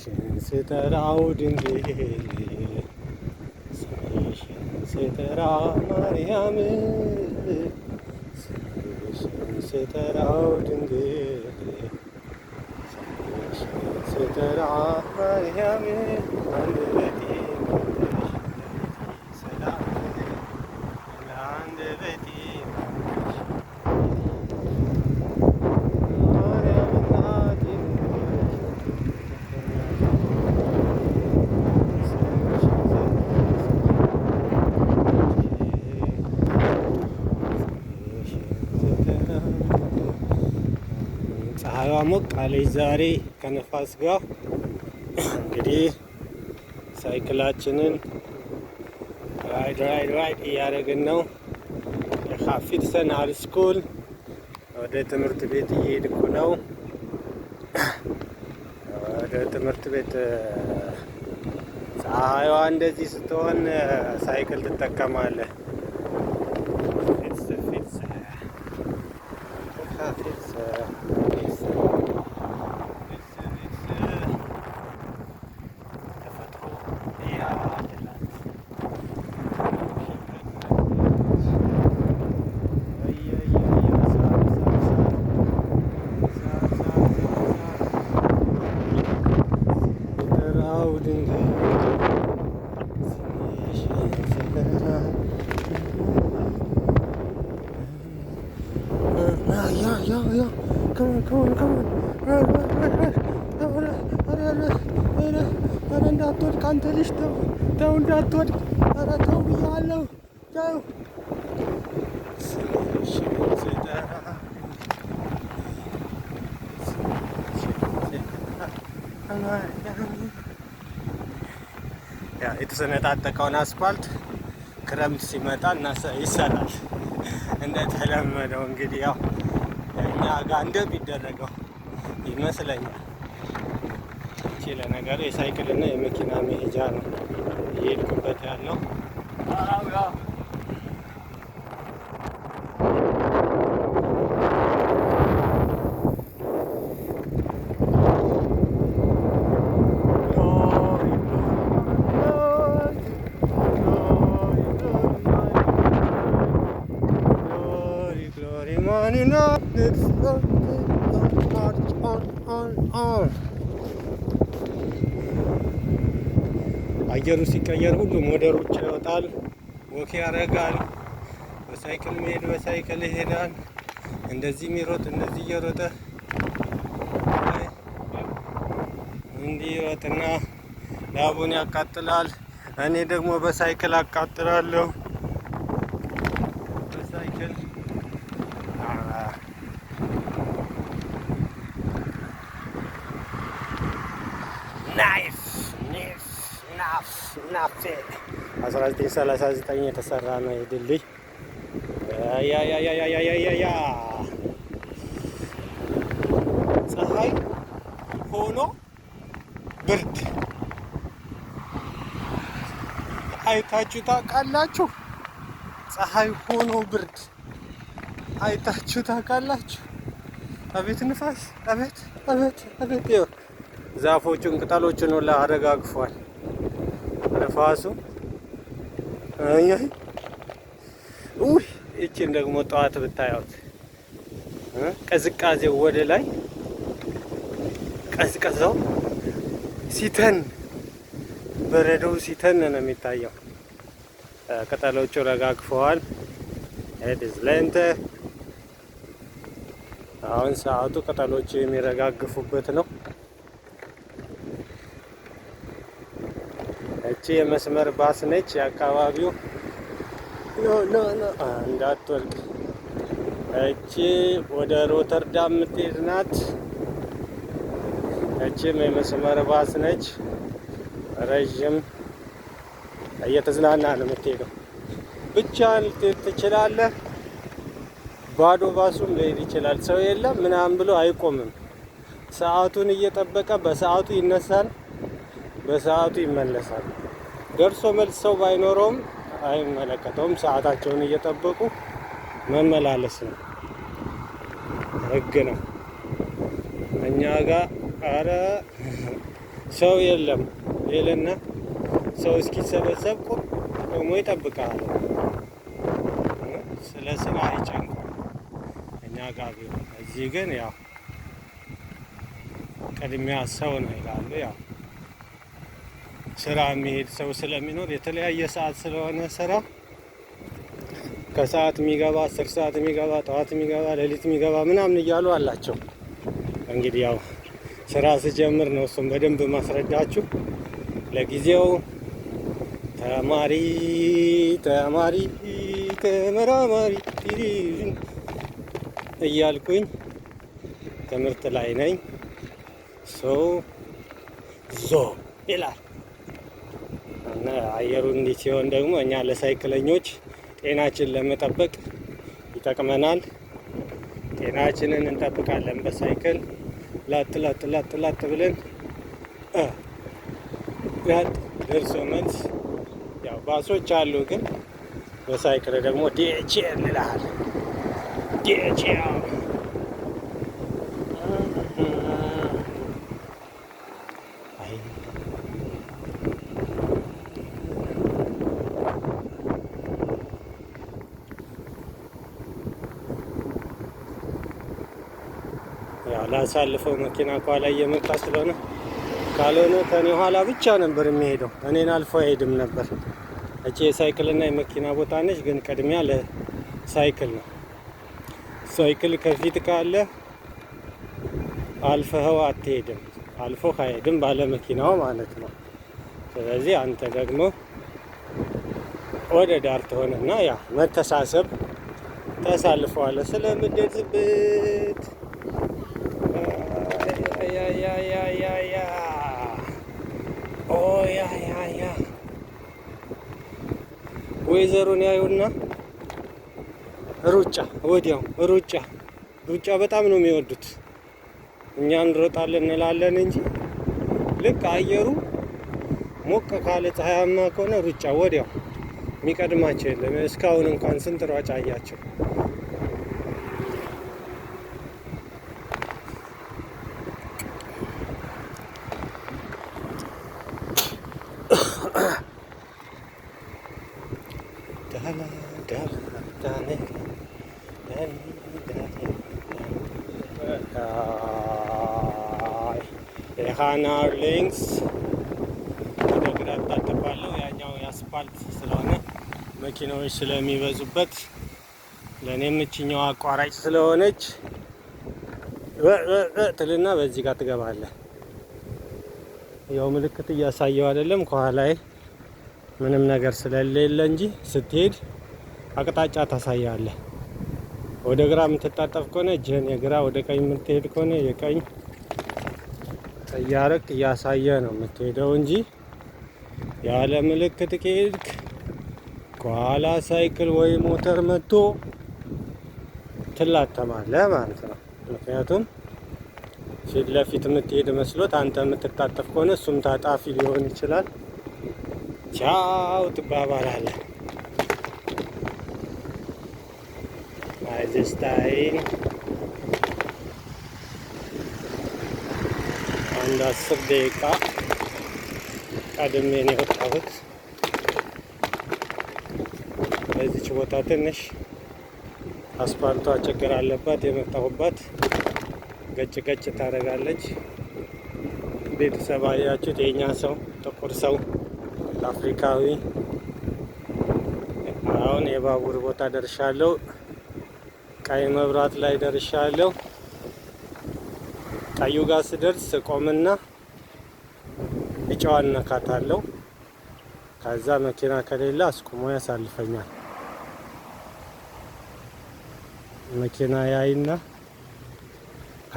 ስምሽን ስጠራው ድንግል ስምሽን ስጠራ ማርያም ስምሽን ስጠራው ድንግል ስምሽን ስጠራ ማርያም ሞቅ አለች ዛሬ ከነፋስ ጋር እንግዲህ ሳይክላችንን ራይድ ራይድ ራይድ እያደረግን ነው። የካፊርሰን ሀይ ስኩል ወደ ትምህርት ቤት እየሄድኩ ነው። ወደ ትምህርት ቤት ፀሐይዋ እንደዚህ ስትሆን ሳይክል ትጠቀማለህ። ፊትስ ፊትስ ፊትስ እንዳትወድቅ አንተ ልጅ ተው፣ ተው እንዳትወድቅ። ኧረ ተው ብያለሁ፣ ተው የተሰነጣጠቀውን አስፋልት ክረምት ሲመጣ እና ይሰራል። እንደተለመደው እንግዲህ ያው እኛ ጋር እንደሚደረገው ይመስለኛል። ይቺ ለነገር የሳይክልና የመኪና መሄጃ ነው እየሄድኩበት ያለው። on, on, on, on. አየሩ ሲቀየር ሁሉም ወደ ሩጫ ይወጣል፣ ወክ ያደርጋል፣ በሳይክል መሄድ በሳይክል ይሄዳል። እንደዚህ የሚሮጥ እንደዚህ እየሮጠ እንዲሮጥና ላቡን ያቃጥላል። እኔ ደግሞ በሳይክል አቃጥላለሁ። በሳይክል ናይስ 1939 የተሰራ ነው ይህ ድልድይ። ያ ፀሐይ ሆኖ ብርድ አይታችሁ ታውቃላችሁ? ፀሐይ ሆኖ ብርድ አይታችሁ ታውቃላችሁ? አቤት ንፋስ! አቤት አቤት አቤት! ዛፎቹን ቅጠሎቹን ሁላ አረጋግፏል። ነፋሱ። ውይ እቺን ደግሞ ጠዋት ብታያት ቀዝቃዜው ወደ ላይ ቀዝቀዛው ሲተን በረዶው ሲተን ነው የሚታየው። ቅጠሎቹ ረጋግፈዋል። ለንተ አሁን ሰዓቱ ቅጠሎቹ የሚረጋግፉበት ነው። እቺ የመስመር ባስ ነች። የአካባቢው ኖ ኖ ኖ እንዳትወልቅ። እቺ ወደ ሮተርዳም የምትሄድ ናት። እቺም የመስመር ባስ ነች። ረዥም እየተዝናና ነው የምትሄደው። ብቻ ልትሄድ ትችላለህ። ባዶ ባሱም ሊሄድ ይችላል። ሰው የለም ምናምን ብሎ አይቆምም። ሰዓቱን እየጠበቀ በሰዓቱ ይነሳል፣ በሰዓቱ ይመለሳል። ደርሶ መልስ ሰው ባይኖረውም አይመለከተውም። ሰዓታቸውን እየጠበቁ መመላለስ ነው፣ ህግ ነው። እኛ ጋር አረ ሰው የለም ይልና ሰው እስኪሰበሰብ ቆሞ ይጠብቃል። ስለ ስራ አይጨንቁ እኛ ጋር እዚህ ግን ያው ቅድሚያ ሰው ነው ይላሉ ያው ስራ የሚሄድ ሰው ስለሚኖር የተለያየ ሰዓት ስለሆነ ስራ ከሰዓት የሚገባ አስር ሰዓት የሚገባ ጠዋት የሚገባ ሌሊት የሚገባ ምናምን እያሉ አላቸው። እንግዲህ ያው ስራ ስጀምር ነው እሱም በደንብ ማስረዳችሁ። ለጊዜው ተማሪ ተማሪ ተመራማሪ እያልኩኝ ትምህርት ላይ ነኝ። ሶ ዞ ይላል እና አየሩ እንዲህ ሲሆን ደግሞ እኛ ለሳይክለኞች ጤናችን ለመጠበቅ ይጠቅመናል። ጤናችንን እንጠብቃለን በሳይክል ላጥ ላጥ ላጥ ላጥ ብለን ጋጥ ደርሶ መልስ ያው ባሶች አሉ፣ ግን በሳይክል ደግሞ ዲኤችኤል ይልሃል ዲኤችኤል ላሳልፈው መኪና ከኋላ እየመጣ ስለሆነ ካልሆነ ከኔ ኋላ ብቻ ነበር የሚሄደው። እኔን አልፎ አይሄድም ነበር። እቺ የሳይክልና የመኪና ቦታ ነች፣ ግን ቅድሚያ ለሳይክል ነው። ሳይክል ከፊት ካለ አልፈኸው አትሄድም፣ አልፎ አይሄድም ባለ መኪናው ማለት ነው። ስለዚህ አንተ ደግሞ ወደ ዳር ትሆንና ያ መተሳሰብ ተሳልፈዋለ ስለምደዝብት ወይዘሮን ያዩና ሩጫ ወዲያው ሩጫ ሩጫ በጣም ነው የሚወዱት። እኛ እንሮጣለን እንላለን እንጂ ልክ አየሩ ሞቅ ካለ ፀሐያማ ከሆነ ሩጫ ወዲያው የሚቀድማቸው የለም። እስካሁን እንኳን ስንት ሯጫ አያቸው። የሃና ሊንክስ ወደ ግራ እታጠፋለሁ። ያኛው የአስፓልት ስለሆነ መኪናዎች ስለሚበዙበት ለእኔም እችኛዋ አቋራጭ ስለሆነች ትልና በዚህ ጋር ትገባለህ። ያው ምልክት እያሳየው አይደለም ከኋላይ ምንም ነገር ስለሌለ እንጂ ስትሄድ አቅጣጫ ታሳያለህ። ወደ ግራ የምትታጠፍ ከሆነ እጅህን የግራ፣ ወደ ቀኝ የምትሄድ ከሆነ የቀኝ እያረቅ እያሳየ ነው የምትሄደው እንጂ ያለ ምልክት ከሄድክ ከኋላ ሳይክል ወይ ሞተር መጥቶ ትላተማለህ ማለት ነው። ምክንያቱም ፊት ለፊት የምትሄድ መስሎት አንተ የምትታጠፍ ከሆነ እሱም ታጣፊ ሊሆን ይችላል። ቻው ትባባላለህ። ስታይል አንድ አስር ደቂቃ ቀድሜ ነው የወጣሁት። በዚች ቦታ ትንሽ አስፋልቷ ችግር አለባት። የመጣሁባት ገጭ ገጭ ታደርጋለች። ቤተሰብ አያችሁት? የኛ ሰው ጥቁር ሰው አፍሪካዊ። አሁን የባቡር ቦታ ደርሻለሁ። ቀይ መብራት ላይ ደርሻለሁ። ቀዩ ጋር ስደርስ ቆምና እጫዋን ነካታለሁ። ከዛ መኪና ከሌለ አስቁሞ ያሳልፈኛል። መኪና ያይና